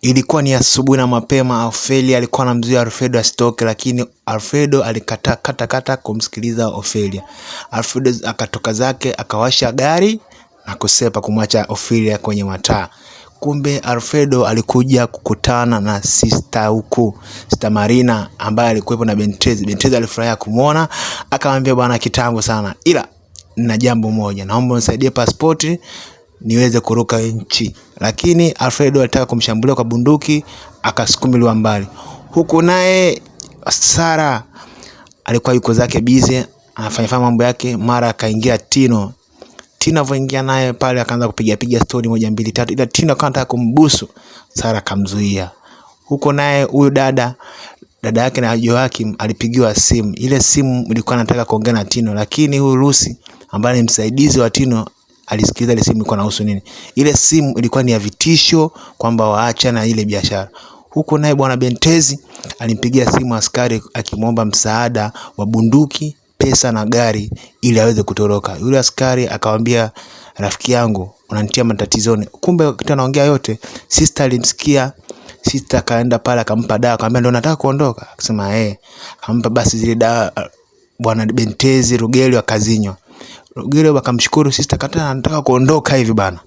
Ilikuwa ni asubuhi na mapema. Ofelia alikuwa anamzuia Alfredo asitoke, lakini Alfredo alikataa kata kata kumsikiliza Ofelia. Alfredo akatoka zake akawasha gari na kusepa kumwacha Ofelia kwenye mataa. Kumbe Alfredo alikuja kukutana na sista huku, sista Marina ambaye alikuwepo na Bentezi. Bentezi alifurahia kumwona, akamwambia bwana, kitambo sana, ila na jambo moja, naomba unisaidie pasipoti niweze kuruka nchi, lakini Alfredo alitaka kumshambulia kwa bunduki akasukumiliwa mbali, huku naye Sara alikuwa yuko zake bize fanya mambo yake, mara akaingia Tino. Tino alivyoingia naye pale akaanza kupiga piga stori moja mbili tatu, ila Tino akawa anataka kumbusu Sara, akamzuia huko. Naye huyu dada dada yake na Joakim alipigiwa simu, ile simu ilikuwa anataka kuongea na Tino, lakini huyu Rusi ambaye ni msaidizi wa Tino alisikiliza ile simu ilikuwa inahusu nini. Ile simu ilikuwa ni ya vitisho kwamba waacha na ile biashara. Huko naye bwana Bentezi alimpigia simu askari akimwomba msaada wa bunduki, pesa na gari ili aweze kutoroka. Yule askari akamwambia, rafiki yangu unanitia matatizoni. Kumbe kitu anaongea yote. Sister alimsikia Sister akaenda pale akampa dawa, akamwambia ndio nataka kuondoka. Akasema eh, akampa basi zile dawa uh, bwana Bentezi Rugelio akazinywa. Rugile wakamshukuru sister Katana anataka kuondoka hivi bana.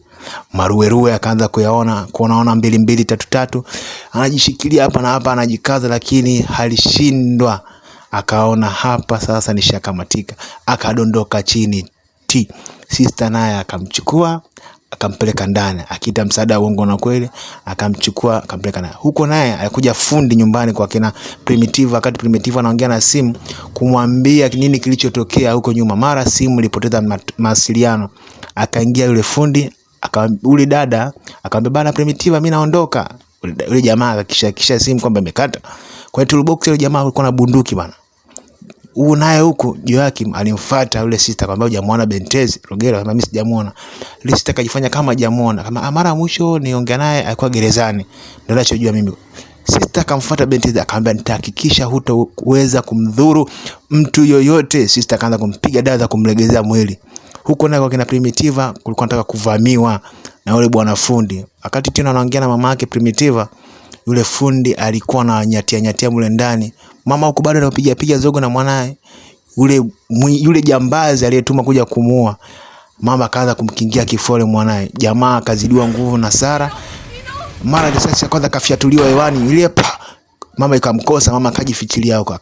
maruweruwe akaanza kuyaona kuonaona mbili mbili tatu tatu, anajishikilia hapa na hapa, anajikaza lakini alishindwa. Akaona hapa sasa nishakamatika, akadondoka chini ti. Sister naye akamchukua akampeleka ndani, akiita msaada wa uongo na kweli, akamchukua akampeleka ndani. Huko naye alikuja fundi nyumbani kwa kina Primitive, wakati Primitive anaongea na simu kumwambia nini kilichotokea huko nyuma, mara simu ilipoteza mawasiliano, akaingia yule fundi aka, ule dada akamwambia, bana Primitive, mimi naondoka. Yule jamaa akakisha kisha simu kwamba imekata. Kwa hiyo toolbox yule jamaa alikuwa na bunduki bana huu naye huko Joakim alimfuata yule sister akamwambia hujamuona Bentezi Rogero, kama mimi sijamuona. Yule sister akajifanya kama hajamuona, kama ah, mara mwisho niongea naye alikuwa gerezani, ndio nachojua mimi. Sister akamfuata Bentezi akamwambia nitahakikisha hutaweza kumdhuru mtu yoyote. Sister akaanza kumpiga dawa za kumlegezea mwili. Huko nako kina Primitiva kulikuwa nataka kuvamiwa na yule bwana fundi. Wakati Tino anaongea na mama yake Primitiva, yule fundi alikuwa na nyatia nyatia mule ndani mama huko bado anapiga piga zogo na mwanae yule yule jambazi aliyetuma kuja kumuua. Mama akaanza kumkingia kifole mwanae, jamaa akazidiwa nguvu na Sara. Mara risasi ya kwanza kafyatuliwa hewani, ile mama ikamkosa, mama akajifichilia huko.